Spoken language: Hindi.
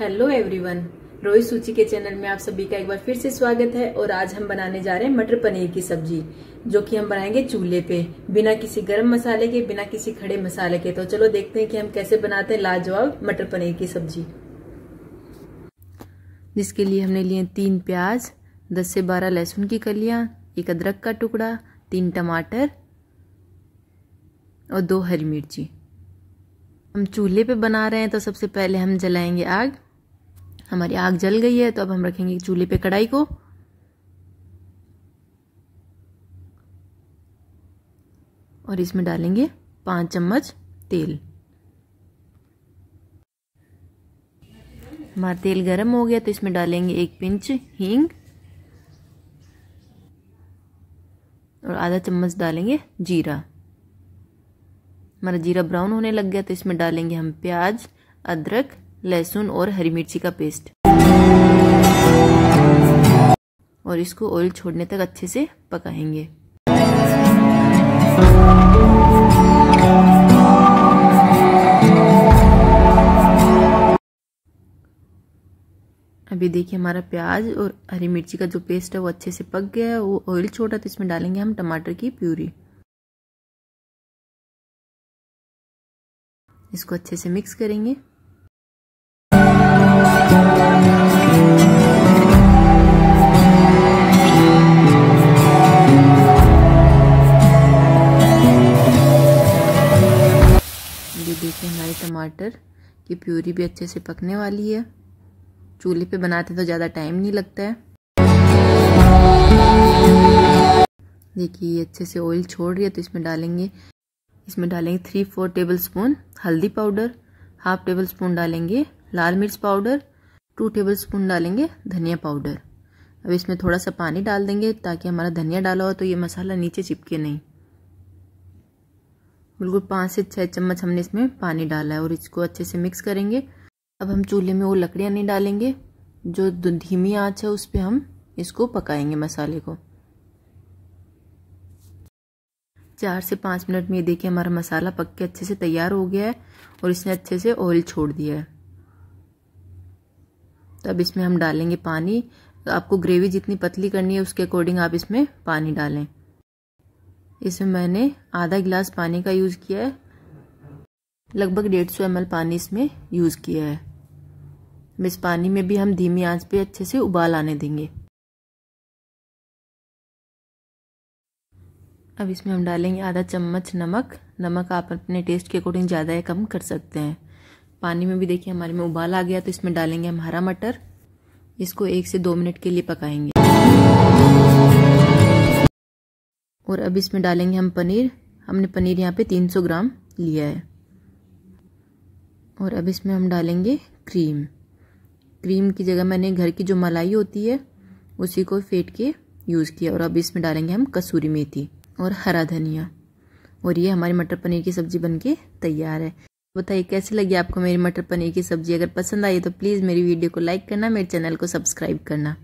हेलो एवरीवन रोहित सूची के चैनल में आप सभी का एक बार फिर से स्वागत है और आज हम बनाने जा रहे हैं मटर पनीर की सब्जी जो कि हम बनाएंगे चूल्हे पे बिना किसी गरम मसाले के बिना किसी खड़े मसाले के तो चलो देखते हैं कि हम कैसे बनाते हैं लाजवाब मटर पनीर की सब्जी जिसके लिए हमने लिए तीन प्याज दस से बारह लहसुन की कलिया एक अदरक का टुकड़ा तीन टमाटर और दो हरी मिर्ची हम चूल्हे पे बना रहे हैं तो सबसे पहले हम जलाएंगे आग हमारी आग जल गई है तो अब हम रखेंगे चूल्हे पे कढ़ाई को और इसमें डालेंगे पांच चम्मच तेल हमारा तेल गर्म हो गया तो इसमें डालेंगे एक पिंच हींग और आधा चम्मच डालेंगे जीरा हमारा जीरा ब्राउन होने लग गया तो इसमें डालेंगे हम प्याज अदरक लहसुन और हरी मिर्ची का पेस्ट और इसको ऑयल छोड़ने तक अच्छे से पकाएंगे अभी देखिए हमारा प्याज और हरी मिर्ची का जो पेस्ट है वो अच्छे से पक गया है वो ऑयल छोटा तो इसमें डालेंगे हम टमाटर की प्यूरी इसको अच्छे से मिक्स करेंगे देखिए हमारे टमाटर की प्यूरी भी अच्छे से पकने वाली है चूल्हे पे बनाते तो ज़्यादा टाइम नहीं लगता है देखिए ये अच्छे से ऑयल छोड़ रही है तो इसमें डालेंगे इसमें डालेंगे थ्री फोर टेबल स्पून हल्दी पाउडर हाफ टेबल स्पून डालेंगे लाल मिर्च पाउडर टू टेबल स्पून डालेंगे धनिया पाउडर अब इसमें थोड़ा सा पानी डाल देंगे ताकि हमारा धनिया डाला हो तो ये मसाला नीचे चिपके नहीं बिल्कुल पाँच से छः चम्मच हमने इसमें पानी डाला है और इसको अच्छे से मिक्स करेंगे अब हम चूल्हे में वो लकड़ियाँ नहीं डालेंगे जो धीमी आँच है उस पर हम इसको पकाएंगे मसाले को चार से पाँच मिनट में ये देखिए हमारा मसाला पक के अच्छे से तैयार हो गया है और इसने अच्छे से ऑयल छोड़ दिया है तो अब इसमें हम डालेंगे पानी तो आपको ग्रेवी जितनी पतली करनी है उसके अकॉर्डिंग आप इसमें पानी डालें इसमें मैंने आधा गिलास पानी का यूज़ किया है लगभग डेढ़ सौ एम पानी इसमें यूज़ किया है इस पानी में भी हम धीमी आंच पे अच्छे से उबाल आने देंगे अब इसमें हम डालेंगे आधा चम्मच नमक नमक आप अपने टेस्ट के अकॉर्डिंग ज़्यादा या कम कर सकते हैं पानी में भी देखिए हमारे में उबाल आ गया तो इसमें डालेंगे हम हरा मटर इसको एक से दो मिनट के लिए पकाएंगे और अब इसमें डालेंगे हम पनीर हमने पनीर यहाँ पे 300 ग्राम लिया है और अब इसमें हम डालेंगे क्रीम क्रीम की जगह मैंने घर की जो मलाई होती है उसी को फेंट के यूज़ किया और अब इसमें डालेंगे हम कसूरी मेथी और हरा धनिया और ये हमारी मटर पनीर की सब्ज़ी बनके तैयार है बताइए कैसी लगी आपको मेरी मटर पनीर की सब्ज़ी अगर पसंद आई तो प्लीज़ मेरी वीडियो को लाइक करना मेरे चैनल को सब्सक्राइब करना